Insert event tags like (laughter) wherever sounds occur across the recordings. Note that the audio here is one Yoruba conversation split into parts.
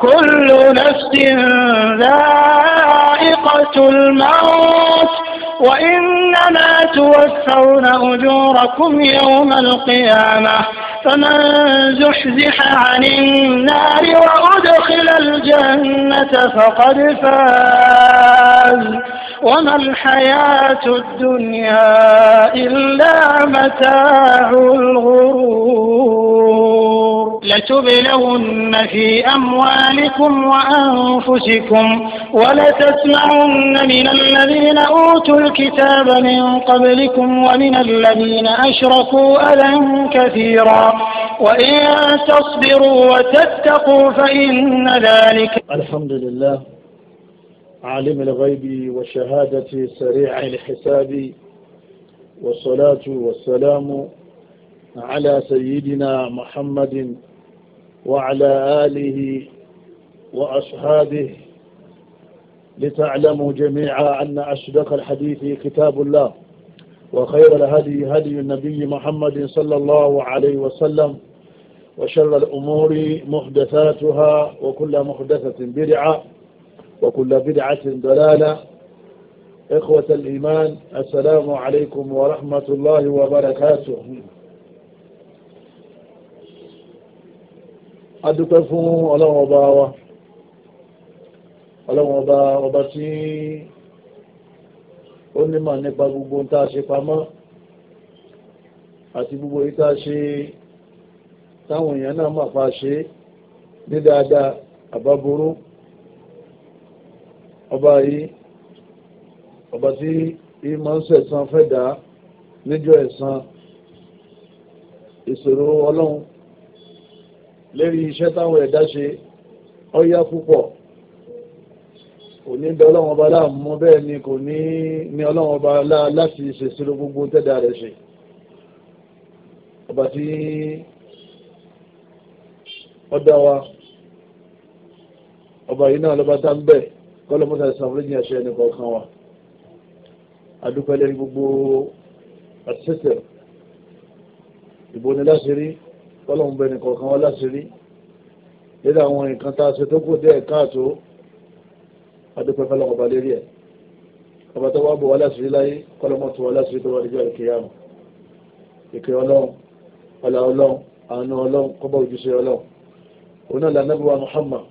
كل نفس ذائقة الموت وإنما توفون أجوركم يوم القيامة فمن زحزح عن النار وأدخل الجنة فقد فاز وما الحياة الدنيا إلا متاع الغرور لتبلون في أموالكم وأنفسكم ولتسمعن من الذين أوتوا الكتاب من قبلكم ومن الذين أشركوا أذى كثيرا وإن تصبروا وتتقوا فإن ذلك الحمد لله عالم الغيب وشهادة سريع الحساب والصلاة والسلام على سيدنا محمد وعلى آله وأصحابه لتعلموا جميعا أن أشدق الحديث كتاب الله وخير الهدي هدي النبي محمد صلى الله عليه وسلم وشر الأمور محدثاتها وكل محدثة بدعة وكل بدعة ضلالة إخوة الإيمان السلام عليكم ورحمة الله وبركاته adúpẹ́ fún ọlọ́run ọba wa ọlọ́run ọba ọba tí ó nímọ̀ nípa gbogbo tá a ṣe pamọ́ àti gbogbo yìí tá a ṣe táwọn èèyàn náà mà pa ṣe ní dáadáa àbáboró ọba yìí ọba tí yìí máa ń sẹ̀san fẹ́ dà níjọ́ ẹ̀san ìṣòro ọlọ́run lérí iṣẹ́ táwọn ẹ̀dá ṣe ọ̀yá púpọ̀ kò bẹ ọlọ́run ọba láàmú bẹ́ẹ̀ ni kò ní ní ọlọ́run ọba láti ṣèṣirò gbogbo tẹ́dà rẹ̀ ṣe ọba tí ọdá wa ọba yìí náà lọ́ba tá ń bẹ̀ kọ́lọ́mọ́sá ìsàmúlẹ́jì àṣẹ ẹnì kọ̀ọ̀kan wa adúpẹ́ lẹ́ni gbogbo àṣẹṣẹ ìbò ni láṣẹ rí kọ́lọ́hún bẹ nìkan kan wá láṣìírí lédè àwọn nǹkan tá a ṣe tó kù díẹ̀ káàtó adúpẹ́ fẹ́lẹ́ ọba lérí ẹ̀ ọba tó wá bọ̀ wá láṣìírí láyé kọ́lọ́mọ́ tó wá láṣìírí tó wá níjọ́ ìkéyàmù ìké ọlọ́run ọlá ọlọ́run àánú ọlọ́run kọ́bọ̀ ojúṣe ọlọ́run òun náà Muhammad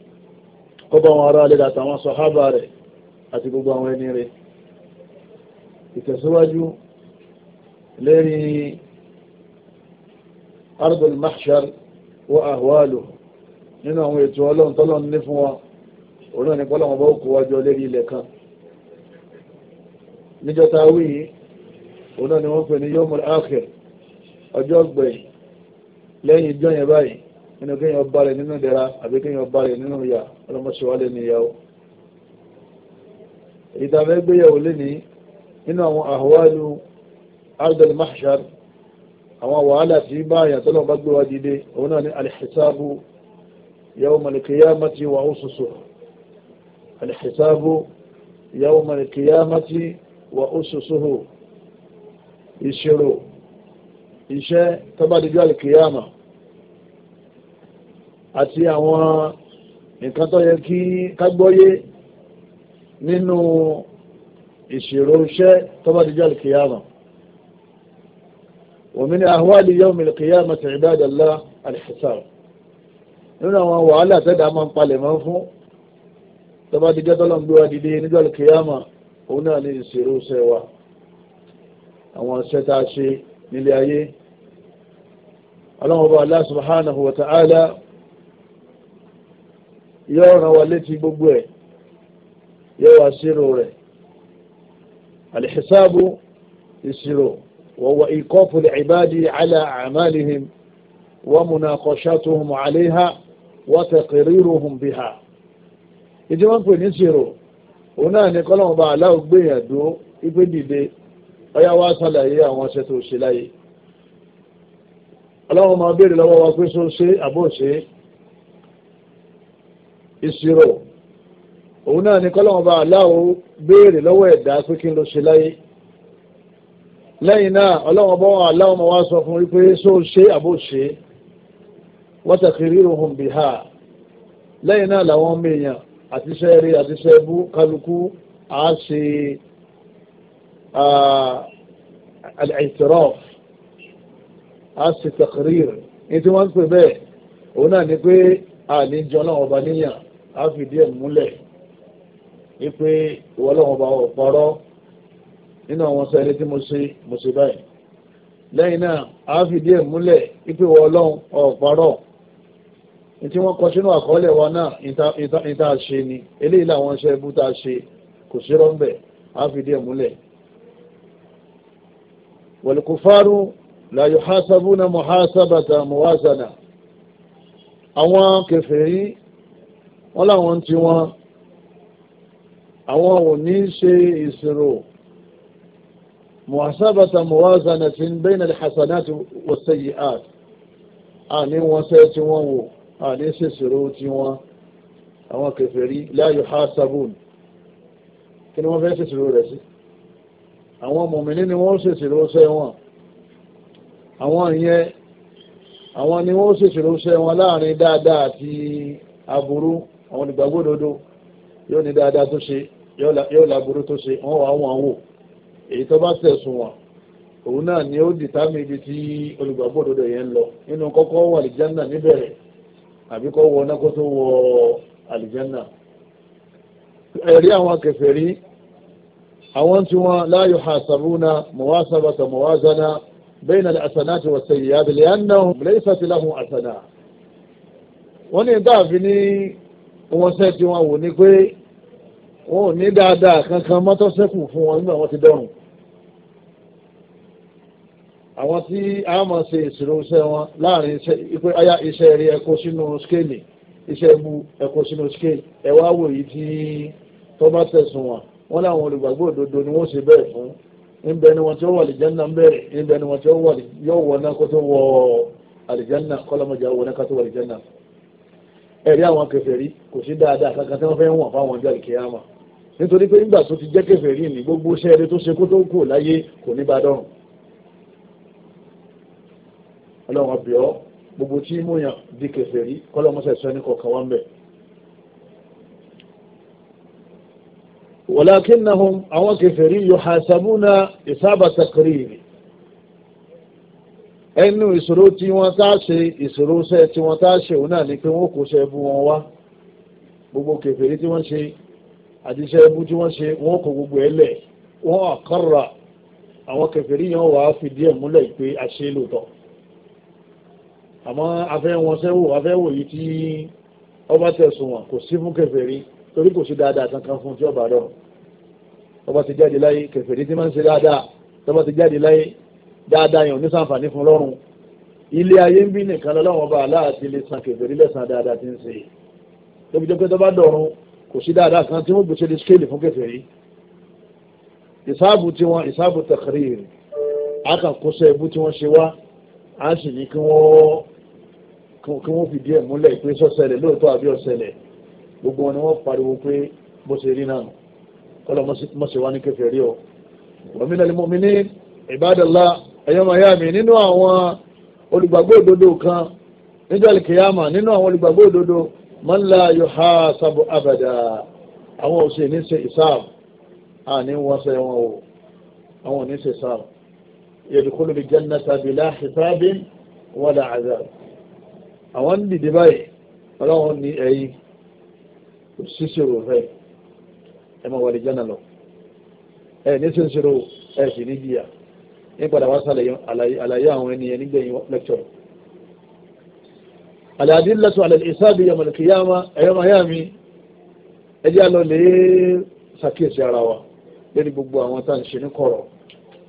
kọ́bọ̀ àwọn ará alẹ́ àtàwọn sọ̀hábà rẹ̀ àti gbogbo àwọn ẹni rẹ̀ ìtẹ̀síwájú lérí arbal mahshar wa ahwalu nínú àwọn ètò ọlọ́run tọ́lọ́run ní fún wa òun náà ní pọ́lọ́wọ́n bá kó wájọ lérí ilẹ̀ kan níjọ́ ta wí yìí òun náà ni wọ́n pè ní yomul akhir ọjọ́ gbẹ̀yìn lẹ́yìn ìjọ yẹn báyìí nínú kéèyàn ọba rẹ̀ nínú ìdẹ̀ra àbí kéèyàn ọba rẹ̀ nínú ìyà ọlọ́mọṣẹ́wálé ní ìyàwó ìtàfẹ́ gbéyàwó lénìí nínú àwọn ahwalu ardal mahshar àwọn wàhálà tí bá àyàn tó lọ́n bá gbé wa dìde òun náà ní alìṣẹ́sáàbù yawma al-qiyamati wà ususu alìṣẹ́sáàbù yawma al-qiyamati wà ususuhu ìṣirò iṣẹ́ tó bá dìjọ́ alìkìyàmà àti àwọn nǹkan tó yẹ kí kágbọ́yé nínú ìṣirò iṣẹ́ tó bá dìjọ́ ومن أهوال يوم القيامة عباد الله الحساب nínú àwọn wàhálà tẹ́dà máa ń palẹ̀ máa ń fún tọ́ba ti jẹ́ tọ́lọ́ ń gbé wa dìde níjọ́ kìyàmà òun náà ní ìṣirò ṣe wa àwọn ṣe tá a ṣe nílé ayé ọlọ́run ọba Allah subhanahu wa ta'ala yóò ràn wá létí gbogbo ẹ̀ yóò wá ṣírò rẹ̀ alìṣàbù ìṣirò. وهو إيقاف العباد على أعمالهم ومناقشاتهم عليها وتقريرهم بها ìdí wọn pè ní ṣèrò òun náà ní kọ́lọ́mù bá aláwọ̀ gbìyànjú ìgbé dìde ọyá wa ṣàlàyé àwọn ṣe tó ṣe láyé ọlọ́run máa béèrè lọ́wọ́ wa pé ṣó ṣe àbó ṣe ìṣirò òun náà ní kọ́lọ́mù bá aláwọ̀ béèrè lọ́wọ́ ẹ̀dá pé kí n ló ṣe láyé lẹ́yìn náà ọlọ́wọ́n bọ́ wọn aláwọ̀ máa wá sọ fún wípé ṣó ṣe àbó ṣe watakriruhum biha lẹ́yìn náà làwọn ọmọ èèyàn àti iṣẹ́ rí àti iṣẹ́ bú kálukú á ṣe al á ṣe takrir ní tí wọ́n ń pè bẹ́ẹ̀ òun náà ni pé àníjọ náà ọba níyàn á fìdí ẹ̀ múlẹ̀ wípé ìwọ́lọ́wọ́n ọba ọ̀pọ̀rọ̀ nínú àwọn sọ ẹni tí mo ṣe mo ṣe báyìí lẹ́yìn náà a fi díẹ̀ múlẹ̀ ipe wọ ọlọ́run ọ̀pọ̀rọ̀ ní tí wọ́n kọ sínú àkọọ́lẹ̀ wa náà ìta ṣe ni eléyìí làwọn iṣẹ́ ibú tá a ṣe kò sí rọ́ńbẹ̀ a fi díẹ̀ múlẹ̀. wọ̀lùkùfárù la yuhasabuna muhasabata muwazana àwọn kèfèrí wọn làwọn ti wọn àwọn ò ní ṣe ìṣirò muhasabata muwazanatin bayna alhasanati wasayi'at àní wọn sẹ́ tí wọ́n wò àní ṣèṣirò tí wọ́n àwọn kèfèrí la yuhasabun kí ni wọ́n fẹ́ ṣèṣirò rẹ̀ sí àwọn mọ̀mìnì ni wọ́n ṣèṣirò sẹ́ wọn àwọn ìyẹn àwọn ni wọ́n ṣèṣirò sẹ́ wọn láàrin dáadáa àti aburú àwọn ìgbàgbódodo yóò ní dáadáa tó ṣe yóò láburú tó ṣe wọ́n wà wọ́n wò èyí tó bá sẹ̀sùn wọn òun náà ni ó dìtámì ibi tí olùgbàgbọ́ òdodo yẹn ń lọ nínú kọ́kọ́ wọ àlìjánà níbẹ̀rẹ̀ àbí kọ́ wọ ọ̀nà kó tó wọ àlìjánà ẹ̀rí àwọn kèfèrí àwọn tí wọ́n la yuhasabuna muwasabata muwazana bayna al-hasanati was-sayyi'ati li'annahum laysat lahum hasanah wọ́n ní dáàfin ní wọ́n sẹ́ tí wọ́n wò ní pé wọn ò ní dáadáa kankan mọ́tò sẹ́kù fún wọn nígbà wọn ti dọ̀rùn àwọn tí a máa ṣe ìṣirò wọn láàrin ipe aya iṣẹ́ rí ẹ̀kọ́ sínú skéèlì iṣẹ́ ibu ẹ̀kọ́ sínú skéèlì ẹ̀ wá wò yìí tí tó bá tẹ̀sùn wọn wọn láwọn olùgbàgbọ́ òdodo ni wọ́n ṣe bẹ́ẹ̀ fún níbẹ̀ ni wọ́n ti wọ àlìjánná bẹ̀rẹ̀ níbẹ̀ ni wọ́n ti wọ yọ wọ náà kó tó wọ àlìjánná kọ́lọ́mọjà wọ náà kó tó wọ àlìjánná ẹ̀rí àwọn kèfèrí kò sí dáadáa kankan tí wọ́n fẹ́ wọ̀n fáwọn ọjọ́ ìkẹyàmọ̀ nítorí pé nígbà tó ti jẹ́ kèfèrí ní gbogbo iṣẹ́ eré tó ṣe kó tó kù láyé kò ní bá dọ̀rùn ọlọ́run ọbẹ̀ ọ́ gbogbo tí mú yàn di kèfèrí kọ́lọ́mọṣẹ́ sọ ní kọ̀ọ̀kan wá ń bẹ̀. walakinnahum àwọn kèfèrí yuhasabuna ìsábà takriri ẹnu ìṣòro tí wọ́n tá ṣe ìṣòro ṣe tí wọ́n tá ṣe òun náà ni pé wọ́n kò ṣe ẹbú wọn wá gbogbo kèfèrí tí wọ́n ṣe àdìsẹ́ ẹbú tí wọ́n ṣe wọ́n kó gbogbo ẹ lẹ̀ wọ́n àkàrà àwọn kèfèrí yẹn wàá fìdí ẹ̀ múlẹ̀ pé a ṣe lóòótọ́ àmọ́ afẹ́ wọn sẹ́wò afẹ́ wò yìí tí ọba tẹ̀sùn wọn kò sí fún kèfèrí torí kò sí dáadáa kankan fún tí ọba dọ̀rọ̀ ọba ti jáde láyé kèfèrí tí máa ń ṣe dáadáa tọ́ba ti jáde láyé dáadáa yẹn ní sàǹfààní fún lọ́rùn ilé ayé ń bí nìkan lọ́wọ́ ọba aláàtí lè san kèfèrí lẹ́sàn dáadáa ti ń ṣe tóbi jẹ́ pé tọ́ba dọ̀rùn kò sí dáadáa kan tí wọ́n gbèsè lè skéèlì fún kẹfẹ́ yìí ìsáàbù tí wọ́n ìsáàbù taqrir àkàkọ́sẹ́ ibú tí wọ́n ṣe wá á sì ní kí wọ́n kí wọ́n fìdí ẹ̀ múlẹ̀ pé sọ́sẹ̀lẹ̀ lóòótọ́ àbí ọ̀sẹ̀lẹ̀ gbogbo wọn ni wọ́n pariwo pé bó ṣe rí náà kọ́lọ̀ mọ́sẹ̀ wá ní kẹfẹ́ rí ọ. wa minal mu'minin ibadallah ẹ̀yọ́ mi nínú àwọn olùgbàgbọ́ òdodo kan níjọ́ man la yuhasabu abada àwọn ò sì ní ṣe ìsáàbù àní wọ́n ṣe wọn o àwọn ò ní ṣe ìsáàbù yadkhulu bi jannata bila hisabin wala azab àwọn dìde báyìí ọlọ́run ní ẹ̀yìn ṣíṣirò rẹ̀ ẹ máa wọlé jẹ́nà lọ ẹ ní ṣíṣirò ẹ sì ní jìyà ní padà wá sálẹ̀ àlàyé àwọn ẹni ẹni gbẹ̀yìn àdàdílẹ̀tù àlẹ́sàbí yọmọlẹ́kìyàmá ẹ̀yọ́mayàmí ẹjẹ́ àlọ́ lè ṣàkíyèsí ara wa lórí gbogbo àwọn tá à ń ṣe ní kọ̀rọ̀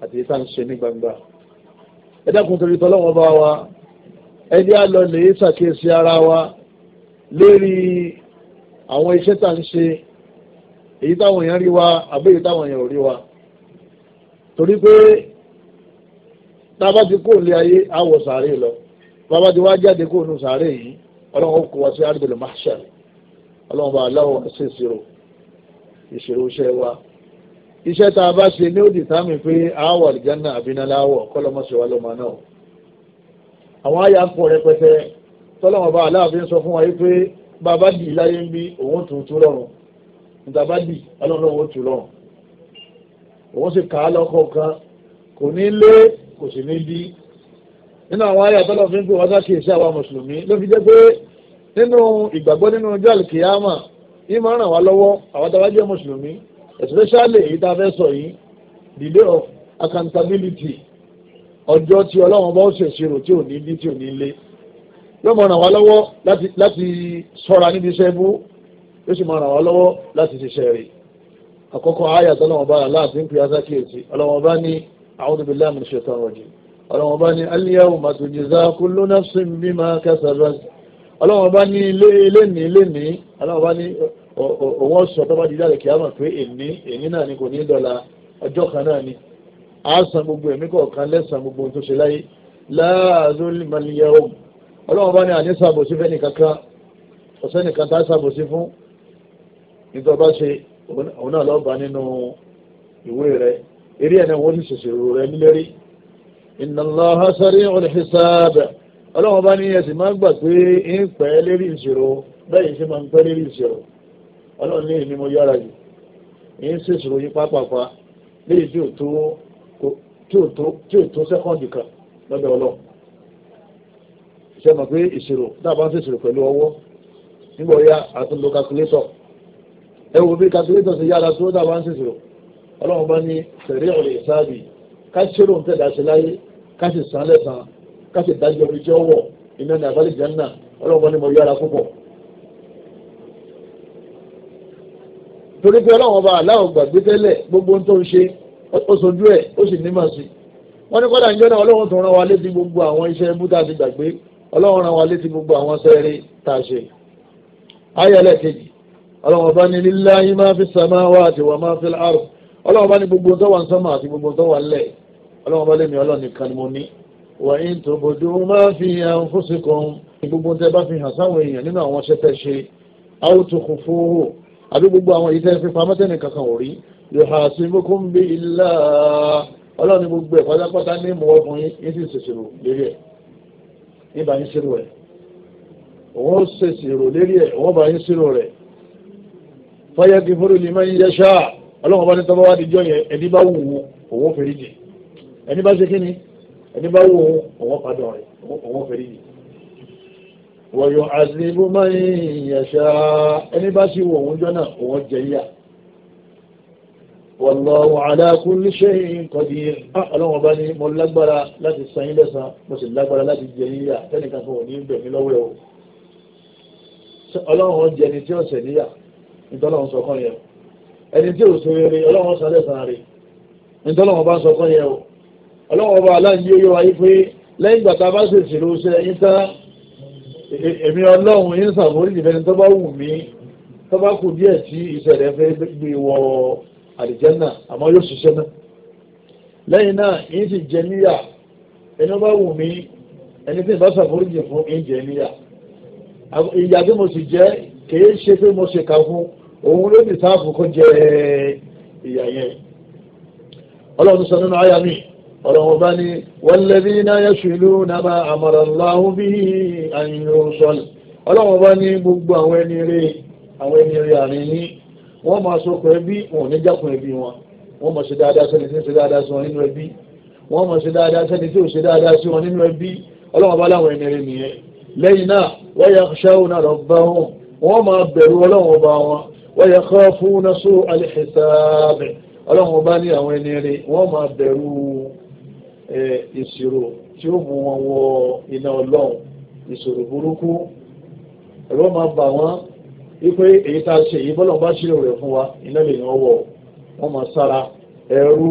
àti tá à ń ṣe ní gbangba ẹ dákun torí tọ́lọ́wọ́n bá wa ẹjẹ́ àlọ́ lè ṣàkíyèsí ara wa lórí àwọn iṣẹ́ tá à ń ṣe èyí táwọn èèyàn rí wa àbí èyí táwọn èèyàn ò rí wa torí pé tá a bá ti kó ilé ayé àwọ̀ sàárè lọ bàbá ti wá jáde kó nu sàárè yìí ọlọ́run ó kó wa sí àdìbẹ̀lẹ̀ mahshar ọlọ́run bá aláwọ̀ ṣe ìṣirò ìṣirò iṣẹ́ wa iṣẹ́ tá a bá ṣe ní òdì tá mi pé àáwọ̀ àlìjánná àbínáláwọ̀ kọ́lọ́mọ́sẹ̀ wa lọ́mọ náà àwọn àyà ń pọ̀ rẹpẹtẹ tọ́lọ́wọ̀n bá aláàfin sọ fún wa yìí pé bàbá dì láyé ń bí òun tún tún lọ́rùn níta bá dì ọlọ́run ó nínú àwọn ayé àtọ́lọ́ fi ń pè wọ́n sáà kìí sí àwa mùsùlùmí ló fi jẹ́ pé nínú ìgbàgbọ́ nínú ọjọ́ àlùkìyàmà yìí máa ràn wá lọ́wọ́ àwọn tá bá jẹ́ mùsùlùmí especially èyí tá a fẹ́ sọ yìí the day of accountability ọjọ́ tí ọlọ́run bá ó ṣèṣirò tí ò ní bí tí ò ní lé yóò máa ràn wá lọ́wọ́ láti sọ́ra níbi iṣẹ́ bú yóò sì máa ràn wá lọ́wọ́ láti ṣiṣẹ́ rẹ̀ àkọ́kọ́ ayé àtọ́lọ́run bá rà láti ń pè á ọlọ́wọ́n bá ní al-yawma tujza kullu nafsin bima kasabat ọlọ́wọ́n bá ní lẹ́ni lẹ́ni ọlọ́wọ́n bá ní òun ọ̀sọ̀ tó bá di jáde kìámà pé èní èní náà ni kò ní dọ̀la ọjọ́ kan náà ni a san gbogbo ẹ̀mí kọ̀ọ̀kan lẹ́san gbogbo ohun tó ṣe láyé la zulma al-yawm ọlọ́wọ́n bá ní àní sàbòsí fẹ́ni kankan ọ̀sẹ́ni kan tá sàbòsí fún nítorí bá ṣe òun náà lọ́ọ́ bá nínú ìwé rẹ̀ eré ẹ̀ náà wọ́n ti ṣèṣirò rẹ̀ nílẹ́rí inna Allaha sari'ul hisab ọlọ́run bá ní ẹ̀sìn máa gbà pé ń pẹ́ lérí ìṣòro bẹ́ẹ̀ ṣe máa ń pẹ́ lérí ìṣòro ọlọ́run ní èmi mo yára jù ń ṣèṣòro yín pápápá léyìí tí ò tó tí ò tó sẹ́kọ̀ndì kan lọ́dọ̀ ọlọ́run ṣe mọ̀ pé ìṣòro tá a bá ń pẹ̀lú ọwọ́ nígbà ọ̀yá àtúndò ẹ wo bí ṣe yára tó bá ní ká ṣerò ń tẹ̀dá sí láyé ká sì san lẹ́sàn ká sì dájú omi tí ó wọ̀ iná ní àbálẹ̀ jẹ́nà ọlọ́run ni mo yára púpọ̀. torí pé ọlọ́run ọba aláwọ̀ gbàgbé tẹ́lẹ̀ gbogbo ń tó ń ṣe ó sojú ẹ̀ ó sì ní màsí wọ́n ní kọ́dà ìjọ náà ọlọ́run tó rán wa létí gbogbo àwọn iṣẹ́ búdà ti gbàgbé ọlọ́run rán wa létí gbogbo àwọn sẹ́ẹ̀rẹ́ tá a ṣe. ayọ̀lẹ̀ kejì ọlọ́run ọba ní lillahi máa fi sàmáwá àti wà máa fi láàrù ọlọ́run ọba ní gbogbo tó wà ń sánmà àti gbogbo tó wà ń lẹ̀ ọlọ́run bá lé mi ọlọ́run nìkan ni mo ní wa in tubudu ma fi anfusikum gbogbo tẹ bá fi hàn sáwọn èèyàn nínú àwọn ṣe fẹ́ ṣe aw tukhfuhu àbí gbogbo àwọn èyí tẹ́ fi pamọ́ tẹ́nì kankan ò rí yuhasibukum bi Allah ọlọ́run ní gbogbo ẹ̀ pátápátá ní ìmọ̀wọ́ fún yín yín sì ṣèṣirò lérí ẹ̀ yín yín ṣírò ẹ̀ òun ṣèṣirò lérí ẹ̀ òun bá yín ṣírò rẹ̀ fayaghfiru liman yasha ọlọ́run bá ní tọ́ba wá dijọ́ yẹn ẹni bá wù ú òun fèrè jì ẹni bá ṣe kí ni ẹni bá wo ọwọ́ padà rẹ̀ ọwọ́ fẹ́rí yìí wọ̀yọ̀ àṣìlú máa ń yẹ̀ṣà ẹni bá ṣe wọ̀ oúnjẹ náà òun jẹ yíyà wallahu ala kulli shay'in qadir ah, ọlọ́wọ́n bá ní mo lágbára láti san yín lẹ́san mo sì lágbára láti jẹ yíyà tẹ́nìkan kan ò ní bẹ̀mí lọ́wọ́ ẹ̀ o ọlọ́run jẹ ẹni tí ó ṣẹ̀ níyà ìtọ́lọ́run sọ sọ lẹ́sàn ọlọ́wọ́ bá aláǹdí yóò yọ wáyé pé lẹ́yìn ìgbà tá a bá ṣèṣì ló ṣe ẹyin tán èmi ọlọ́run yín sàmórí ìfẹ́ni tó bá wù mí tó bá kù díẹ̀ tí ìṣẹ̀lẹ̀ fẹ́ gbé wọ àlìjẹ́nà àmọ́ yóò ṣiṣẹ́ náà lẹ́yìn náà yín sì jẹ níyà ẹni bá wù mí ẹni tí ìbá sàmórí jì fún yín jẹ níyà ìyà tí mo sì jẹ kìí ṣe pé mo ṣe kà fún òun ló ní sáàfù kó jẹ ìyà yẹn ọlọ́run sọ nínú àyà mi ọlọ́run bá ní walladhina yashiluna ma amara Allahu bihi an yursal ọlọ́run bá ní gbogbo àwọn ẹni rẹ̀ àwọn ẹni rẹ̀ àárín yín wọ́n máa sọkùn ẹbí wọn ò ní jákun ẹbí wọn wọ́n máa ṣe dáadáa sẹ́ni tí ń ṣe dáadáa sí wọn nínú ẹbí wọ́n máa ṣe dáadáa sẹ́ni tí ò ṣe dáadáa sí wọn nínú ẹbí ọlọ́run bá láwọn ẹni rẹ̀ nìyẹn lẹ́yìn náà wọ́n máa ọlọ́run ọba ní àwọn ẹni rẹ̀ wọ́n máa bẹ̀rù ìṣòro tí ó mú wọn wọ iná ọlọ́run ìṣòro burúkú ẹ̀rọ máa bà wọ́n wípé èyí tá a ṣe èyí bọ́lá bá ṣírò rẹ̀ fún wa iná lè yàn wọ̀ wọ́n máa sára ẹ̀rù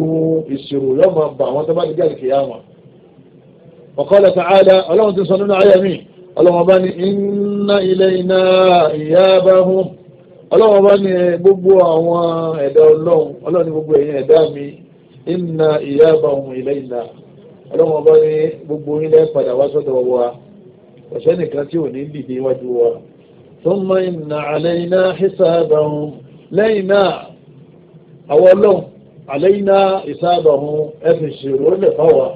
ìṣòro yóò máa bà wọ́n tó bá ti wọn. ọ̀kọ́lẹ̀ ta'ala ọlọ́run ti sọ nínú àyà mi ọlọ́run bá ní ọlọ́run bá ní gbogbo àwọn ẹ̀dá ọlọ́run ọlọ́run ní ọlọ́wọ́n bá ní gbogbo orílẹ̀ padà wá sọ́dọ̀ wa ọ̀sẹ́ nìkan tí ò ní dìde iwájú wa tó ń mọ ìnà àlẹ́ iná ìsáàbà ọ̀hún lẹ́yìn náà àwọn ọlọ́run àlẹ́ iná ìsáàbà ọ̀hún ẹ fi ṣèrò lẹ̀ fáwa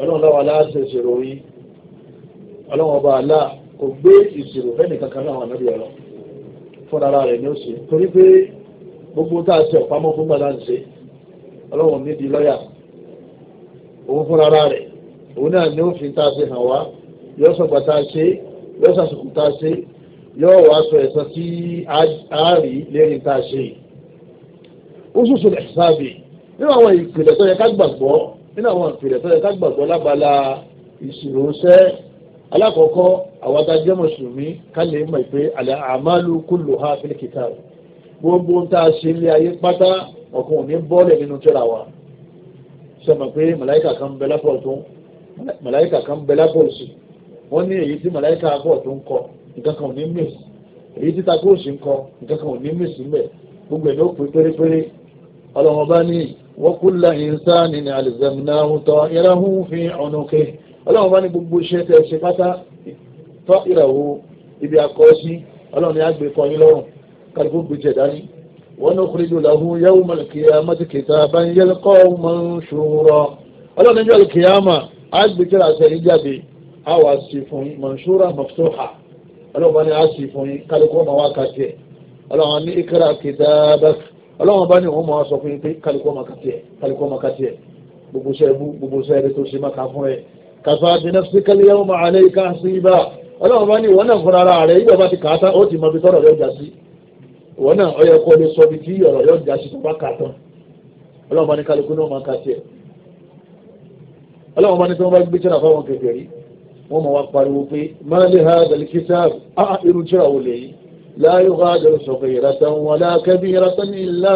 ọlọ́run láwa láti ṣèrò yìí ọlọ́run ọba àlá kò gbé ìṣirò fẹ́ nìkan kan náà nàbí ọ̀rọ̀ fún rẹ̀ ní ó ṣe torí pé gbogbo tá a ṣe ọ̀pamọ́ fún gbàdá ń ṣe ọlọ́run lọ́yà òun fúnra ara rẹ̀ òun náà ni ó fi tá a ṣe hàn wá yóò sọ gbàtà ṣe yóò sàṣùkù tá a ṣe yóò wá sọ ẹ̀sán tí a rí lérí tá a ṣe. ó ṣùṣù lè sáàbì nínú àwọn ìpìlẹ̀ tó yẹ ká gbàgbọ́ nínú àwọn ìpìlẹ̀ tó yẹ ká gbàgbọ́ lábala ìṣirò ṣẹ́ alákọ̀ọ́kọ́ àwọn adájọ́ mùsùlùmí ká lè mọ̀ pé àlẹ́ àmàlù kúlù ha fil gbogbo tá a ṣe ilé ayé pátá ọ̀kan ò nínú tírà wa sẹ́mi pé màláìkà kan bẹ lápò ọ̀tún màláìkà kan bẹ lápò òsì wọ́n ní èyí tí màláìkà àpò ọ̀tún ń kọ nǹkan kan ò ní mìs èyí tí takò òsì ń kọ nǹkan kan ò ní mìs ńbẹ gbogbo ẹ̀ ló pè pérépéré ọlọ́wọ́n bá ní wa kulla insani ní alzamnahu ta'irahu fi unuqihi ọlọ́wọ́n bá ní gbogbo iṣẹ́ tẹ̀ ṣe pátá ta'irahu ibi akọ́ sí ọlọ́run ní àgbẹ̀kọ́ yín lọ́rùn kálukú ونخرج له يوم القيامة كتابا يلقاه منشورا ọlọ́run níjọ́ ìkìyàmà àgbẹ̀jọ́ àṣẹ yìí jáde a wà sí fún yín manṣúra maftuha ọlọ́run bá ní a sì fún yín kálukú ọmọ wa kà tiẹ̀ ọlọ́run ní ikra kitabak ọlọ́run bá ní òun máa sọ fún yín pé kálukú ọmọ kà tiẹ̀ kálukú ọmọ kà tiẹ̀ gbogbo sẹ́ bú gbogbo sẹ́ ẹni tó ṣe má kà fún ẹ. kàfà bí nafsika al-yawma alayka hasiba ọlọ́run bá ní ìwọ náà fúnra rẹ̀ yíyọ̀ bá ti kà á tán ó ti mọ ibi tọ́rọ̀ rẹ̀ jà sí ìwọ náà ọ yẹ kó lè sọ bíi tí ọ̀rọ̀ yóò já sí tọ́pá kà tán ọlọ́run bá ní kálukú náà máa ka tiẹ̀ ọlọ́run bá ní tí wọ́n bá gbé tíra fáwọn kẹfẹ́ rí wọ́n máa wá pariwo pé máa lè ha dàlíkí sáàbù á tíra wò lè yí láyé ha dàlú sọ̀kọ̀ ìratan wọn lákẹ́bí ìratan ní ilá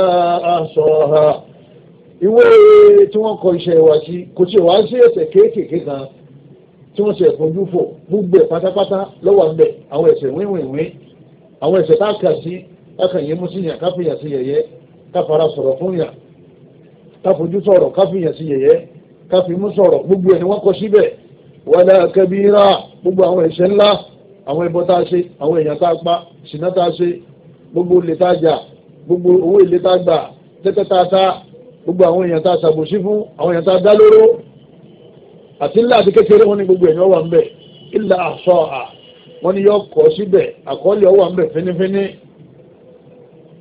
aṣọ ha ìwé tí wọ́n kọ iṣẹ́ wa sí kò tí wàá sí ẹsẹ̀ kéékèèké kan tí wọ́n ṣe ẹ̀fọ́jú fò gbogbo ẹ̀ pátápátá lọ́wọ́ àwọn ẹ̀sẹ̀ wíwìnwín àwọn ẹ̀sẹ̀ tá a kà sí akànyẹ mú síyàn káfíyà sí yẹ̀yẹ́ káfara sọ̀rọ̀ fún yàn káfojú sọ̀rọ̀ káfíyà sí yẹ̀yẹ́ káfímú sọ̀rọ̀ gbogbo ẹni wọ́n kọ síbẹ̀ wàlá kabira gbogbo àwọn ẹ̀ṣẹ̀ ńlá àwọn ẹbọ tá a ṣe àwọn èèyàn tá a pa ṣìnà tá a ṣe gbogbo olè tá a jà gbogbo owó ilé tá a gbà tẹ́tẹ́ tá a ta gbogbo àwọn èèyàn tá a ṣàbòsí fún àwọn èèyàn tá a dá lóró àti ńlá àti kékeré wọn ni gbogbo ẹ̀yàn wà ń bẹ̀ illa ahsaha wọn ni yọ kọ́ síbẹ̀ àkọọ́lẹ̀ ọwà ń bẹ̀ fínífíní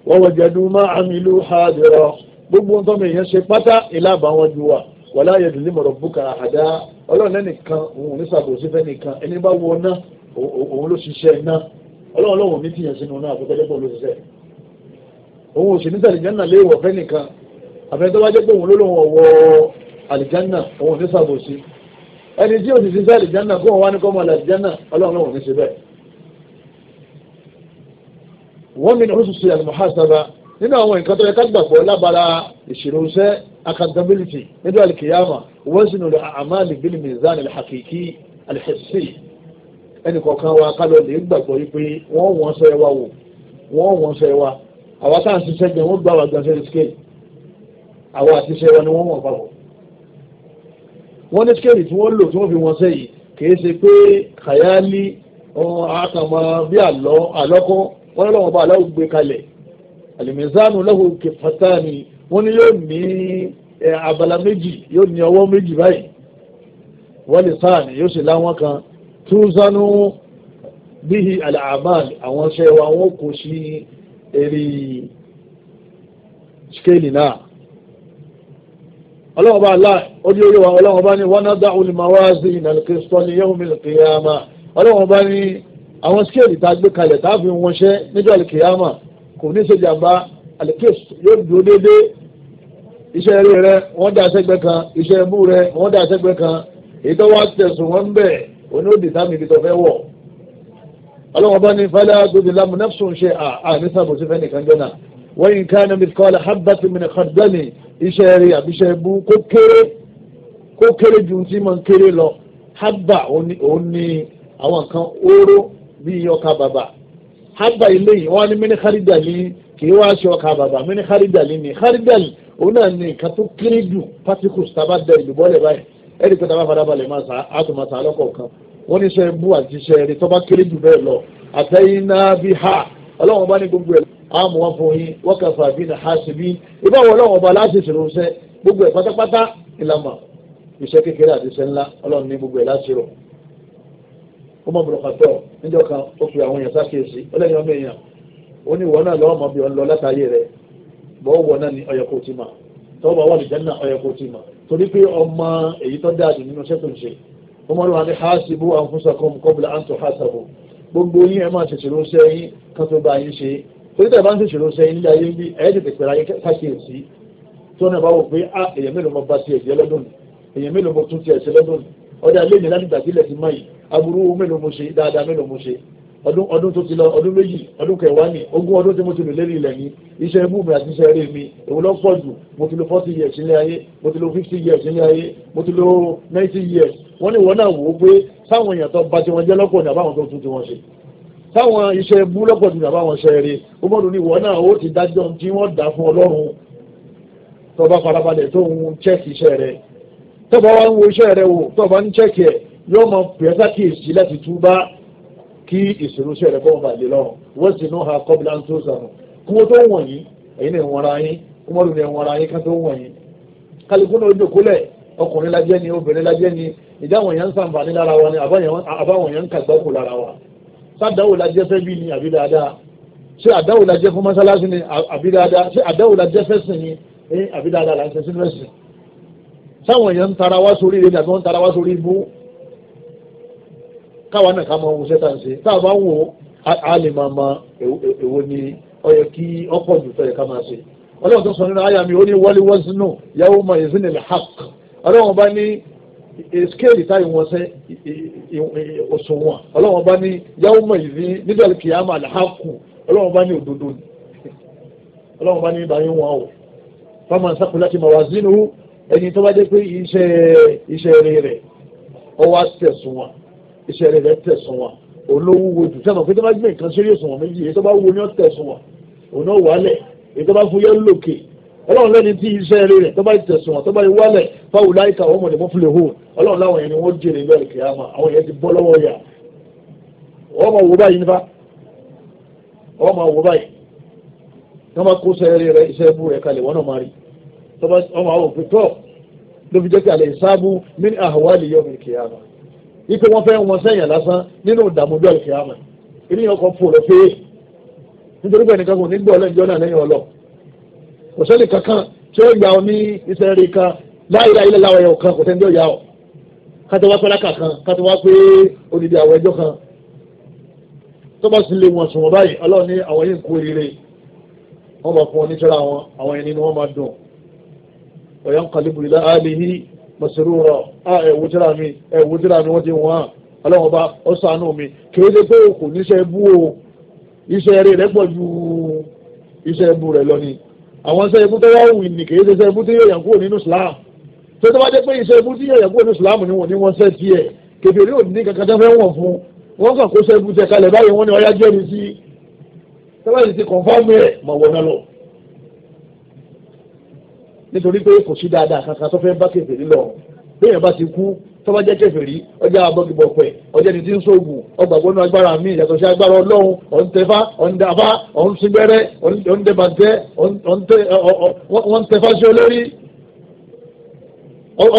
wọ́wọ́jẹ̀dú máa amílù hàdìrọ̀ gbogbo ń tọ́mọ èèyàn ṣe pátá ìlàbà wọn ju wa wàlá yẹ dùlí mọ̀rọ̀ bùkà àdá ọlọ́run lẹ́nìkan òun ní sàbòsí fẹ́nìkan ẹni bá wọ ná òun ló ṣiṣẹ́ iná ọlọ́run lọ́wọ́ mi tìyàn sínú náà àfẹ́fẹ́ ló ṣiṣẹ́ òun ò sì ní sàlìjánà léèwọ̀ fẹ́nìkan àfẹ́fẹ́ tó ló lóun wọ́n mi ní oṣooṣù àlùmọ́hásábà nínú àwọn nǹkan tó yẹ ká gbàgbọ́ lábala ìṣirọ́sẹ́ accountability nínú alikiyama wọ́n sì nílò àmàlì bíi mizan alhakiki alhissi ẹnì kọ̀ọ̀kan wa kálọ̀ lè gbàgbọ́ yìí pé wọ́n wọ́n sọ ẹ wa wò wọ́n wọ́n sọ ẹ wa àwa tá à ń ṣiṣẹ́ jẹ wọ́n gbà wá gbàṣẹ́ ní scale àwa àti iṣẹ́ wa ni wọ́n wọ̀n papọ̀ wọ́n ní scale tí wọ́n lò tí wọ́n fi wọ́n sẹ́yìn kì í ṣe pé kàyáálí àtàwọn bí àlọ́kọ́ wọ́n ní lọ́wọ́ bá aláwọ̀ gbé kalẹ̀ àlùmísánù lọ́wọ́ òkè fasáàni wọ́n ní yóò ní abala méjì yóò ní ọwọ́ méjì báyìí wọ́n lè sáàni yóò sì láwọn kan túnzánú bíhi àlàmàl àwọn ṣẹ́ wa wọ́n kò sí eré skéèlì náà ọlọ́wọ́ba aláì orí orí wa ọlọ́wọ́ba ni wọ́n náà dáhùn ní mawazin alqistani yawm alqiyama ọlọ́wọ́ba ni àwọn skéèlì tá a gbé kalẹ̀ tá a fi wọnṣẹ́ níjọ́ àlìkèyàmà kò ní ṣe jàmbá àlìkèsì yóò dúró déédé iṣẹ́ eré rẹ wọ́n dá sẹ́gbẹ́ kan iṣẹ́ imú rẹ wọ́n dá sẹ́gbẹ́ kan èyí tó wá tẹ̀sùn wọn bẹ̀ òní ó dìtà mí ibi tó fẹ́ wọ̀ ọlọ́wọ́n bá ní fẹ́lẹ́ àgbègbè lámù nẹ́fṣùn ṣe àní sàbòsí fẹ́ nìkan jọ́nà wọ́n yìí ká ní mìtkọ́lá habbat min khardali iṣẹ́ eré àbí iṣẹ́ imú kó kéré kó kéré ju tí mo kéré lọ habba òun ni àwọn nǹkan oró bíi ọkà bàbà haba eléyìí wọn ní mini xaridali kìí wá aṣọ ọkà bàbà mini xaridali ni xaridali òun náà ní nǹkan tó kéré jù particles taba da ìdìbò lè báyìí ẹni pé taba fara balẹ̀ máa sa àtùmọ̀ sa lọ́kọ̀ọ̀kan wọn ní sọ ebú àti sọ ẹni tọ́ba kéré jù bẹ́ẹ̀ lọ àtẹ̀yìn náà bí ha ọlọ́wọ́n bá ní gbogbo ẹ̀ àmọ́ wọn fún yín wọ́n kà fà bí ha sí bí ibà wọ́n ọlọ́wọ́n bá láti ṣòro ṣẹ́ gbogbo ẹ̀ pátápátá ìlànà ìṣẹ́ kékeré àti ìṣẹ́ ńlá ní gbogbo ẹ̀ láti rọ̀ ó mọ̀ bùrọ̀kàtọ̀ níjọ́ kan ó fi àwọn èèyàn sákèésí ó lẹ́yìn ọmọ èèyàn ó ní ìwọ náà lọ́wọ́ mọ̀ bí ọ ń lọ látàyè rẹ̀ bọ́ wọ náà ni ọ̀yọ̀kọ̀ ti mà tọ́wọ́ wà lùjẹ́ náà ọ̀yọ̀kọ̀ ti mà torí pé ọmọ èyí tó dáa jù nínú sẹ́kùn ṣe ó mọ̀ lọ́wọ́ ní haasibu anfusakum qabla an tuhasabu gbogbo yín ẹ máa ṣèṣirò sẹ́yìn kan tó bá yín ṣe torí tẹ̀ bá ń ṣèṣirò sẹ́yìn nílẹ̀ ayé bí ẹ̀ tètè pẹ̀lú ayé káṣíyèsí tó náà bá wò pé a ah, èèyàn mélòó mo bá tiẹ̀ jẹ́ lọ́dún èèyàn mélòó mo tún tiẹ̀ ṣe lọ́dún ọ̀dà lé aburú mélòó mo ṣe dáadáa mélòó mo ṣe ọdún ọdún tó ti lọ ọdún méjì ọdún kẹwàá ni ogún ọdún tí mo ti lò lérí ilẹ̀ yìí iṣẹ́ ibú mi àti iṣẹ́ eré mi èwo ló pọ̀ jù mo ti lò forty years nílé ayé mo ti lò fifty years nílé ayé mo ti lò ninety years wọ́n ní ìwọ náà wò ó pé sáwọn èèyàn tó ba ti wọn jẹ́ lọ́pọ̀ ní àbáwọn tó tún ti wọn ṣe sáwọn iṣẹ́ ibú lọ́pọ̀ ní àbáwọn iṣẹ́ eré ó mọ̀ọ́dún ní ìwọ náà ó ti dájọ́ tí wọ́n dá fún ọlọ́run tó bá farabalẹ̀ tó ń chẹ́ẹ̀kì iṣẹ́ rẹ̀ yóò mọ pẹ̀sà kí èsì láti túbá kí ìṣòro sí ẹ̀rẹ̀ kọ́ bá lè lọ́rùn wọ́n sì náà ha kọ́bílà ń tó sànù kí wọ́n tó wọ̀nyí ẹ̀yin náà wọ́n ra yín kí wọ́n lè wọ́n ra yín ká tó wọ̀nyí. kálukú náà ojú kólẹ̀ ọkùnrin lajẹ́ ni obìnrin lajẹ́ ni ìdáwọn yẹn ń sàǹfààní lára wa ni àbáwọn yẹn ń kàgbákò lára wa sádàwò lajẹ́ fẹ́ ni àbí dáadáa ṣé àdáwò lajẹ́ fún ni àbí dáadáa ṣé àdáwò lajẹ́ fẹ́ sìn ni àbí dáadáa là káwa náà ká máa wo sẹ́tà ń ṣe tá a bá wò á lè máa ma èwo ni ó yẹ kí ọ̀pọ̀ jù tó yẹ ká máa ṣe ọlọ́run tó sọ nínú àyà mi ó ní wọ́lé wọ́sínú yàwó ma ìsìn ilẹ̀ hàk ọlọ́run bá ní skéèlì táyì wọn sẹ́ òṣùwọ̀n ọlọ́run bá ní yàwó ma ìsìn nígbà kìyàmà àlàhàkù ọlọ́run bá ní òdodo ni ọlọ́run bá ní ìbáyé wọn o fáwọn sakulati mawazinu ẹni tó bá dé pé iṣẹ́ iṣẹ́ rẹ̀ ọwọ́ àti ẹ̀sùn wọn iṣẹ́ rẹ̀ rẹ̀ tẹ̀sùn wa olówó wo jù sẹ́nu pé tó bá gbé nǹkan sórí òṣùwọ̀n méjì èyí tó bá wo ni ó tẹ̀sùn wa òun náà wálẹ̀ èyí tó bá fún yẹn lókè ọlọ́run lẹ́ni tí iṣẹ́ rẹ̀ tó bá tẹ̀sùn wọn tó bá wálẹ̀ fáwọn láìka àwọn ọmọdé mọ́fúnlẹ̀ hó ọlọ́run láwọn yẹn ni wọ́n jèrè ìlú ẹ̀kẹ́ àmà àwọn yẹn ti bọ́ lọ́wọ́ yà wọ́n máa wò báyìí nípa wọ́n máa wò báyìí wọ́n máa kó sẹ́ẹ̀rì rẹ̀ iṣẹ́ bú rẹ̀ kalẹ̀ wọ́n náà máa rí wọ́n máa wò pé tọ́ ló fi jẹ́ kí alẹ́ ìsáàbù ipe wọn fẹ́ wọn sẹ́yìn lásán nínú ìdààmúdú àlùkìyàmà ìní ọkọ̀ fò lọ fẹ́ nítorí pé ẹnìkan kò ní gbọ́ lẹ́yìn jọ́nà lẹ́yìn ọlọ kò sẹ́ni kankan tí ó yà ọ ní iṣẹ́ rí kan láyé láyé láwọ ẹ̀yọ̀ kan kò sẹ́ni tó yà ọ kátó wá pé láka kan kátó wá pé odidi àwọn ẹjọ́ kan tó bá sì lè wọ̀n sùn wọ́n báyìí ọlọ́run ní àwọn yìí ń kú eré wọ́n bá fún ọ nítorí àwọn àwọn ẹni ni wọ́n máa dùn ọ̀yà mọ̀sẹ̀rúra a ah, ẹ̀ mi ẹ̀ wòjúra mi wọ́n ti wọ́n hàn ọlọ́run ọba ó ṣàánú mi kì í ṣe pé kò níṣẹ́ bú o iṣẹ́ rẹ̀ rẹ̀ pọ̀ ju iṣẹ́ bú rẹ̀ lọ ni àwọn iṣẹ́ ibú tó wá wù ní kì í ṣe iṣẹ́ ibú tí yóò yàn kúrò nínú Islam tó tó bá jẹ́ pé iṣẹ́ ibú tí yóò yàn kúrò nínú Islam ni wọ́n ní wọ́n ṣẹ́ tiẹ̀ kèbèrè ò ní kankan tó fẹ́ wọ̀n fún wọ́n kàn kó iṣẹ́ ibú tẹ̀ kalẹ̀ báyìí wọ́n ní ọyá jẹ́rìí sí tọ́lá nítorí pé kò sí dáadáa kankan tó fẹ́ bá kèfèrí lọ béèyàn bá ti kú tó bá jẹ́ kèfèrí ọjà abọ́gibọ̀pẹ̀ ọjà ti ti ń sóògùn ọgbàgbọ́ náà agbára mi yàtọ̀ sí agbára ọlọ́run ọ̀ǹtẹ̀fá ọ̀ǹdàfá ọ̀ǹsìngbẹ́rẹ́ ọ̀ǹdẹ̀bàǹtẹ́ ọ̀ǹtẹ̀fá sí olórí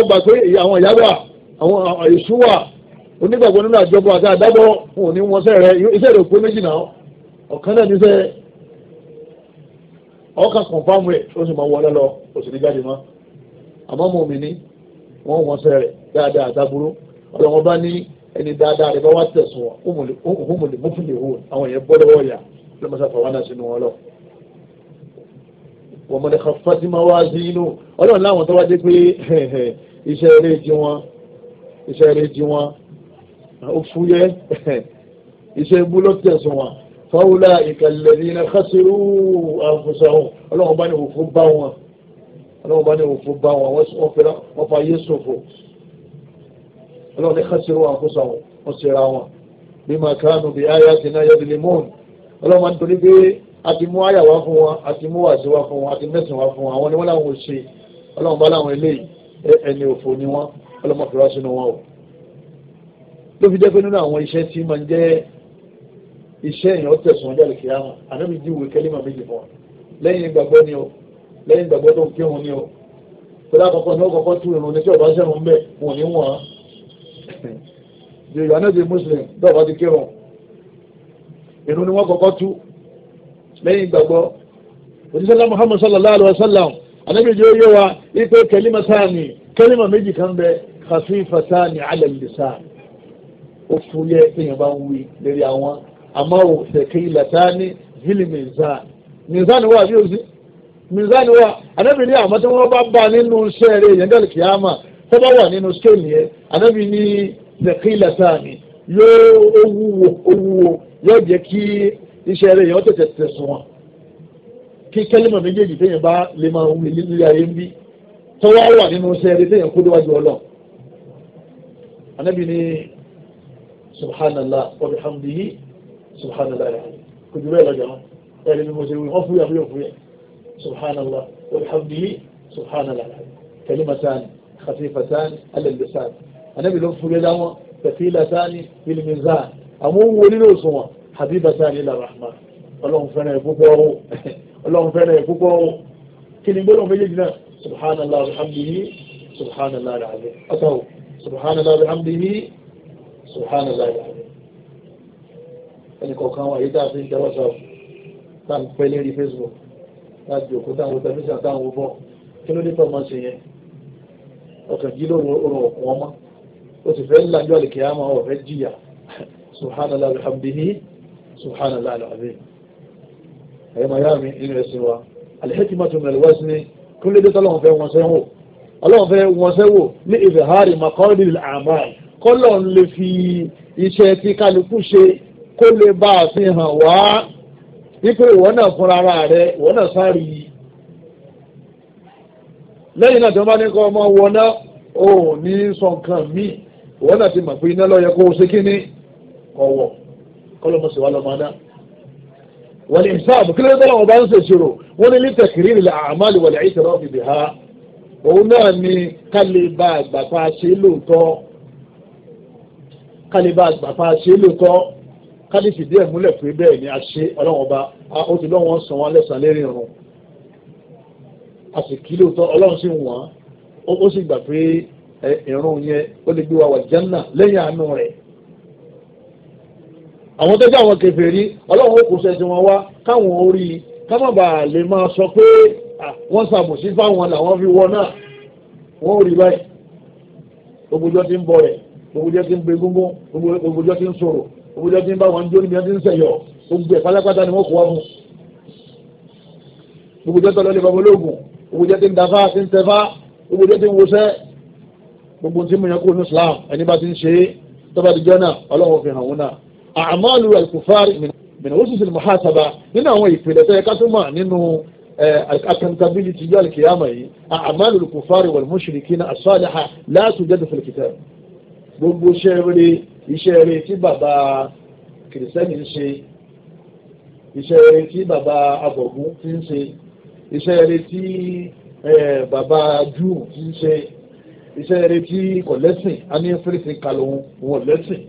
ọgbà pé àwọn ìyáwó àwọn ìṣúwà onígbàgbọ́ nínú àjọpọ̀ àti àdábọ̀ òní wọn sẹ́rẹ̀ iṣẹ́ rẹ̀ pé méjì náà ọ̀kan náà níṣẹ́ ọkà kọ̀ǹfàmù rẹ̀ ó sì máa wọlé lọ ó sì ní jáde mọ́ àmọ́ mọ̀ mí ní wọ́n wọ́n sẹ́ rẹ̀ dáadáa àtàbúrú ọlọ́wọ́n bá ní ẹni dáadáa rẹ̀ bá wá tẹ̀sùn wọn òhùnmùlẹ̀ mọ́fìlẹ̀ hù àwọn yẹn bọ́ lọ́wọ́ yà lọ́mọsáfà wà náà sínú wọn lọ. wọ́n mọ̀ ní fatima wá sí inú ọlọ́run láwọn tó wá dé pé (laughs) iṣẹ́ eré jí wọn iṣẹ́ eré jí wọn ó fúyẹ́ (laughs) iṣẹ́ ibú ló tẹ̀sùn wọn fáwọlá ìkàlẹ̀lẹ̀ iná kásìrú àfùsàwọn ọlọ́run bá ní òfò bá wọn ọlọ́run bá ní òfò bá wọn wọ́n fẹ́ra wọ́n fa yé sòfò ọlọ́run ní kásìrú àfùsàwọn wọ́n sì ra wọn bí màkánù bí àyà ti náà yẹ́dìlì mọ́ọ̀nù ọlọ́run máa ń torí pé àti mú àyà wá fún wọn àti mú wàásù wá fún wọn àti mẹ́sàn wá fún wọn àwọn ni wọ́n láwọn ò ṣe ọlọ́run bá láwọn eléyìí ẹni òfò ni wọ́n ọlọ́run máa fi wá sínú wọn o ló fi jẹ́ pé nínú àwọn iṣẹ́ tí máa ń jẹ́ iṣẹ́ èèyàn tẹ̀sùn ọjọ́ lè kíyàmù ànábì jíwèé kẹ́límà méjì fún wa lẹ́yìn ìgbàgbọ́ ni o lẹ́yìn ìgbàgbọ́ tó ń kírun ni o tọ́lá kọ̀ọ̀kan ní ó kọ̀ọ̀kan tú irun ní tí ọba ṣẹ́run ń bẹ̀ wọ́n ní wọ́n á yorùbá náà di muslim tí ọba ti kírun irun ni wọ́n kọ̀ọ̀kan tú lẹ́yìn ìgbàgbọ́ òjísọ́lá muhammad sallallahu alayhi wa sallam ànábì jíwèé yé wa ipe àmọ́ òfèké ìlàtà ní zili mizan mizan wà bí o sí mizan wà anábì ní àmọ́ tí wọ́n bá bá nínú iṣẹ́ rẹ̀ yẹn dẹ́lẹ̀ kìámà tó bá wà nínú scale yẹn anábì ní fèké ìlàtà ní yóò owúwo owúwo yóò jẹ́ kí iṣẹ́ rẹ̀ yẹn tètè tẹ̀sùn wọn kí kẹ́lẹ́mọ̀ méjèèjì téèyàn bá lè máa wù nílé ayé ń bí tọ́wọ́ wà nínú iṣẹ́ rẹ̀ téèyàn kó déwájú ọlọ́ọ̀ anábì ní subhanallah wa bihamdihi سبحان الله كل ما يغجر قال للمزيوين غفو يغفو يغفو سبحان الله والحمده سبحان الله كلمتان خفيفتان على اللسان النبي لغفو يدعو تفيلتان في المنزان أمو وللوسوا حبيبتان إلى الرحمة اللهم فانا يفوكوه (laughs) اللهم فانا يفوكوه كلمة لهم يجدنا سبحان الله بحمده سبحان الله العظيم أتو سبحان الله بحمده سبحان الله العظيم ẹnì kọ̀ọ̀kan wa yìí tá a fi ń tẹ WhatsApp tá a ń pẹ́ lérí Facebook tá a di òkú táwọn tẹlifíṣàn táwọn bọ̀ kí ló dé tó máa ṣe yẹn ọkàn jí lóru oorun ọ̀kùn ọmọ o sì fẹ́ lajú àlèkè àmọ́ ọ̀ fẹ́ jìyà subhanallah alhamdihi subhanallah alhamdihi ẹ̀yẹ́ màá yára mi nínú ẹ̀sìn wa alhikmatu min alwazn kí ló dé tó lọ́wọ́ fẹ́ wọn sẹ́wọ̀n ọlọ́run fẹ́ wọn sẹ́wò ní ìfẹ̀hárì makọ́rìlì àmà kọ́lọ́run lè fi iṣẹ́ tí kálukú ṣe kó lè bá a fi hàn wá wípé ìwọ náà fúnra ara rẹ ìwọ náà sáré yìí lẹ́yìn náà tí wọ́n bá ní kọ́ ọmọ wọn náà ò ní sọ nǹkan míì ìwọ náà ti mọ̀ pé iná lọ́yẹ kó o ṣe kíní ọ̀wọ̀ kọ́lọ́mọ̀sí wa lọ́mọ náà wọ́n ní sáàbù kí ló dé àwọn ọba ń ṣèṣirò wọ́n ní lítẹ̀kìrì ilẹ̀ àmàlì wọ̀lẹ̀ àìsàn ọ̀fìbì ha òun náà ni kálíbà àgbàfà ṣe lóòótọ́ kálíbà àgbàfà ṣe lóòótọ́ kádìsì díẹ̀ múlẹ̀ pé bẹ́ẹ̀ ni a ṣe ọlọ́wọ́n ba ó ti lọ́wọ́n sàn wọn lẹ́sàn lérí irun a sì kí lóòótọ́ ọlọ́run sì wọ́n ó sì gbà pé irun yẹn ó lè gbé wa wà jẹ́nà lẹ́yìn àánú rẹ̀ àwọn tó jẹ́ àwọn kèfèrí ọlọ́run ó kó sẹ́sìn wọn wá káwọn orí ká má bàa lè máa sọ pé wọ́n ṣàbòsí fáwọn làwọn fi wọ náà wọ́n ò rí báyìí gbogbo jọ ti ń bọ̀ rẹ̀ gbogbo jọ ti ń gbé gbogbo gbogbo jọ ti ń sọ̀rọ̀ owó jẹ́ bí ń bá wọn jó níbi wọn ti ń sẹ̀yọ̀ gbogbo ẹ̀ pátápátá ni wọ́n kó wá fún gbogbo jẹ́ tọ́lọ́ lè bọ́ ológun gbogbo jẹ́ ti ń dafá ti ń tẹfá gbogbo jẹ́ ti ń wọṣẹ́ gbogbo tí mo yàn kó ní Islam ẹni bá ti ń ṣe é tọ́ba ti jọ́ náà ọlọ́run fi hàn wọn náà àmọ́lù alkufari mìíràn ó sì sì mọ̀hásábà nínú àwọn ìpìlẹ̀ tó ká tó mọ̀ nínú accountability yọ alkiyama yìí àmọ́lù alkufari wal mushrikina as-saliha la tujadu fil kitab gbogbo ṣẹ́ẹ́rẹ́ iṣẹ́ eré tí bàbá kìrìsẹ́nì ń ṣe iṣẹ́ eré tí bàbá abọ̀gún ti ń ṣe iṣẹ́ eré tí bàbá júù ti ń ṣe iṣẹ́ eré tí kò lẹ́sìn á ní fèrèsé kalẹ̀ òun wọn lẹ́sìn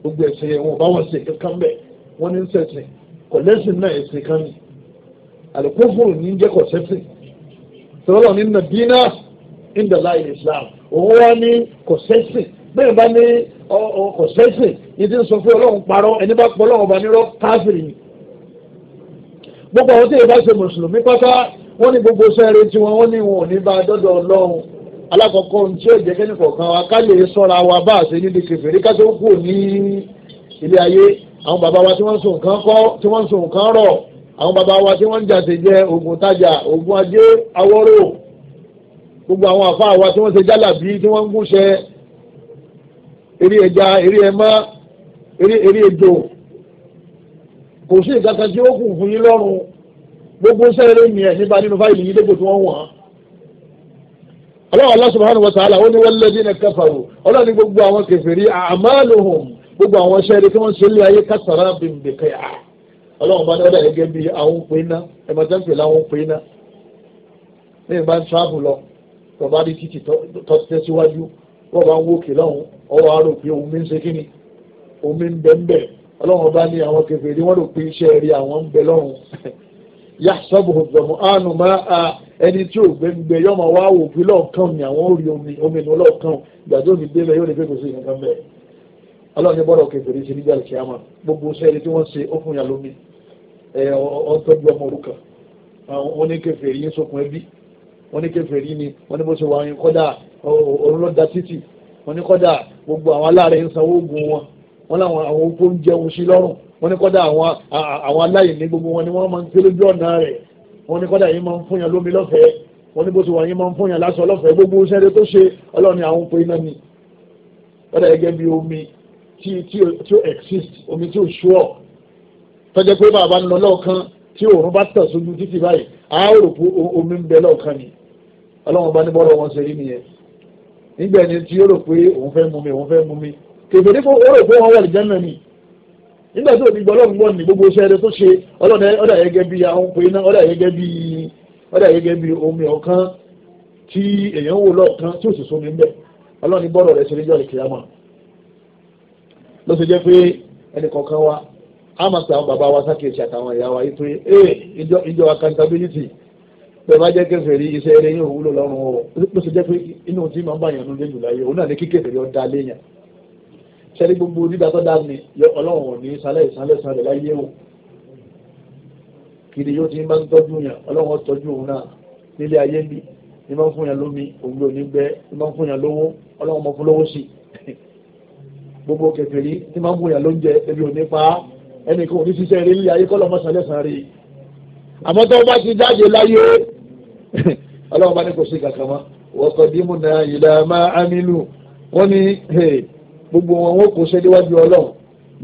gbogbo ẹ̀sìn wọn bá wọn ṣe kankan bẹ́ẹ̀ wọ́n ní sẹ̀sìn kò lẹ́sìn náà ẹ̀sìn kan ní àlùkòfòrò ní jẹ́ kò sẹ́sìn sọlọ́ ní nàbínà ìdàlá ìsìlám òun wá ní kò sẹ́sìn bẹ́ẹ̀ bá ní kò sẹ́sìn ní ti ń sọ fún ọlọ́run parọ́ ẹni bá pọ̀ ọlọ́run ọba nírọ́ káfíìrì ni. gbogbo àwọn tí èyí bá ṣe mùsùlùmí pátá wọ́n ní gbogbo sẹ́ẹ̀rẹ́ tí wọ́n ní wọn ò ní bá dọ́dọ̀ ọlọ́run alákọ̀ọ́kọ́ ohun tí yóò jẹ́ kẹ́ni kọ̀ọ̀kan wa ká lè sọ́ra wa bá àṣẹ ní di kèfèrí ká tó kù ní ilé ayé àwọn bàbá wa tí wọ́n ń so nǹkan kọ́ tí wọ́n ń so nǹkan rọ̀ àwọn bàbá wa tí wọ́n ń jàṣe jẹ ògùn tajà ògùn ajé awọ́rò gbogbo àwọn àfa wa tí wọ́n ṣe jálàbí tí wọ́n ń gúnṣẹ́ eré ẹja eré ẹmá eré eré ejò kò sí ìkàkà tí ó kù fún yín lọ́rùn gbogbo sẹ́ẹ̀rẹ́ mi ẹ̀ nípa nínú fáìlì yìí dépò tí wọ́n wọ̀n. Allah subhanahu wa ta'ala ó ní walladhina kafaru ọlọ́run ní gbogbo àwọn kèfèrí a'maluhum gbogbo àwọn sẹ́ẹ̀rẹ́ tí wọ́n ṣe lé ayé kásàrà bìbìkẹ́ à ọlọ́run bá ní ọ̀dà gẹ́gẹ́ bí àwọn òpè iná ẹ̀mọ́tẹ́ǹpẹ̀ làwọn òpè iná ní ìbá ń tíráàbù lọ tọ́ wọ́n bá ń wókè lọ́hùn ọwọ́ arò pé omi ń ṣe kí ni omi ń bẹ ń bẹ ọlọ́run ọba ní àwọn kèfèrí wọ́n rò pé iṣẹ́ rí àwọn ń bẹ lọ́hùn yàtọ̀ bọ̀dọ̀mù àánú máa a ẹni tí ò gbẹngbẹ yọ máa wá wò pé lọ́ọ̀kan ni àwọn ò rí omi omi ní ọlọ́ọ̀kan ìgbà tó ní délẹ̀ yóò lè fẹ́ kó sí nǹkan bẹ́ẹ̀ ọlọ́run ní bọ́dọ̀ kèfèrí ṣe nígbà tí a máa gbogbo sẹ́ẹ̀rì tí wọ́n ṣe ó fún yà lómi ọtọ́jú ọmọ orúkọ wọn ní kèfèrí yín sókun ẹbí wọn ní kèfèrí ni wọn ní bó ṣe wà yín kọ́dà òun ló da títì wọ́n ní kọ́dà gbogbo àwọn aláàrẹ̀ ń sanwó oògùn wọn wọ́n láwọn àwọn opó ń jẹun sí lọ́rùn wọ́n ní kọ́dà àwọn aláìní gbogbo wọn ni wọ́n máa ń tẹ́lẹ̀ bí ọ̀nà rẹ̀ wọ́n ní kọ́dà yìí máa ń fún yàn lómi lọ́fẹ̀ẹ́ wọ́n ní bó ti wà yìí máa ń fún yàn lásán lọ́fẹ̀ẹ́ gbogbo iṣẹ́ tó ṣe ọlọ́run ni àwọn opó iná ni kọ́dà gẹ́gẹ́ bí omi tí ó exist omi tí ó ṣúọ̀ tọ́jẹ́ pé bàbá ń lọ lọ́ọ̀kan tí òòrùn bá tàn sójú títì báyìí á rò omi ń bẹ lọ́ọ̀kan ni ọlọ́run bá ní bọ́ọ̀rọ̀ wọn ṣe rí nìyẹn nígbà ẹni tí ó rò pé òun fẹ́ mú mi òun fẹ́ mú mi kèfèrí kó ó rò pé wọ́n wà lè jẹ́nà ni nígbà tó o ti gbọ́ ọlọ́run gbọ́ ni gbogbo iṣẹ́ rẹ tó ṣe ọ̀dà gẹ́gẹ́ bí ahọ́n pé iná ọ̀dà gẹ́gẹ́ bí ọ̀dà gẹ́gẹ́ bí omi ọ̀kan tí èèyàn wò lọ́ọ̀kan tí òṣìṣẹ́ omi ń bẹ̀ ọlọ́run ní bọ́ọ̀rọ̀ rẹ̀ ṣe níjọ́ ìkìyàmọ̀ ló ṣe jẹ́ pé ẹnì kọ̀ọ̀kan wa á máa pe àwọn bàbá wa sákèéṣì àtàwọn ìyá wa yìí pé ee ìjọ accountability bẹ́ẹ̀ bá jẹ́ kèfèrí iṣẹ́ eré yóò wúlò lọ́rùn o ló ṣe jẹ́ pé inú tí máa ń bàyàn ló léyìn láyé òun náà ní kí kèfèrí ó dá léyàn ṣẹ́ni gbogbo dídá tó dá mi ọlọ́run ò ní sálẹ̀ ìsálẹ̀ sálẹ̀ láyé o kiri yóò ti máa ń tọ́jú yàn ọlọ́run ó tọ́jú òun náà nílé ayé bí ní máa ń fún yàn lómi òun ló ní gbẹ ní máa ń fún yàn lówó ọlọ́run máa fún lówó sí gbogbo kèfèrí ní máa ń fún yàn lóúnjẹ ebi ò ní pa ẹnì kan ò ní ṣiṣẹ́ eré nílé ayé kọ́ lọ́mọ sálẹ̀ sálẹ̀ àmọ́ tó bá ti jáde láyé (laughs) ọlọ́run bá ní kò sí kankan mọ́ wọ́kọ̀ dímú náà ìlà máa amílù wọ́n ní gbogbo wọn wọ́n kò sẹ́díwájú ọlọ́run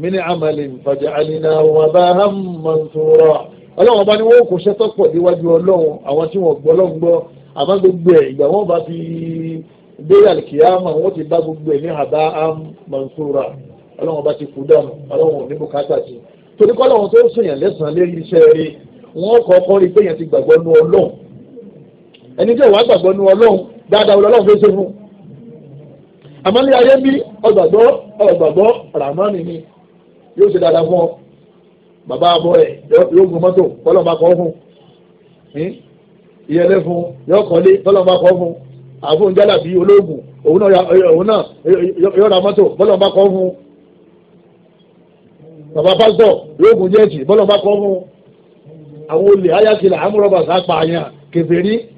mini amali nfàjà alina wọn bá ham mantura ọlọ́run bá ní wọ́n kò sẹ́tọ́ pọ̀ díwájú ọlọ́run àwọn tí wọ́n gbọ́ lọ́n gbọ́ àmọ́ gbogbo ẹ̀ ìgbà wọn bá fi dé alikiyama wọ́n ti bá gbogbo ẹ̀ ní haba ham mantura ọlọ́run bá ti kú dànù ọlọ́run ò ní bùkátà sí torí kọ́ ọlọ́run tó sèyàn lẹ́sàn-án lérí iṣẹ́ rí ẹni tí òwà gbàgbọ́ nu ọlọ́run dáadáa ọlọ́run fẹ́ ṣe fún àmọ́ ní ayé bí ọgbàgbọ́ ọgbàgbọ́ ràmánì ni yóò ṣe dáadáa fún ọ bàbá abọ́ ẹ̀ yóò gun mọ́tò kọ́lọ́ máa kọ́ fún hmm? ìyẹlẹ́ fún yóò kọ́lé kọ́lọ́ máa kọ́ fún àfún jálàbí olóògùn òun náà yóò ra mọ́tò kọ́lọ́ máa kọ́ fún bàbá pásítọ̀ yóò gun jẹ́ẹ̀tì kọ́lọ́ máa kọ́ fún àwọn olè ayákìlà amúrọ̀bà sápà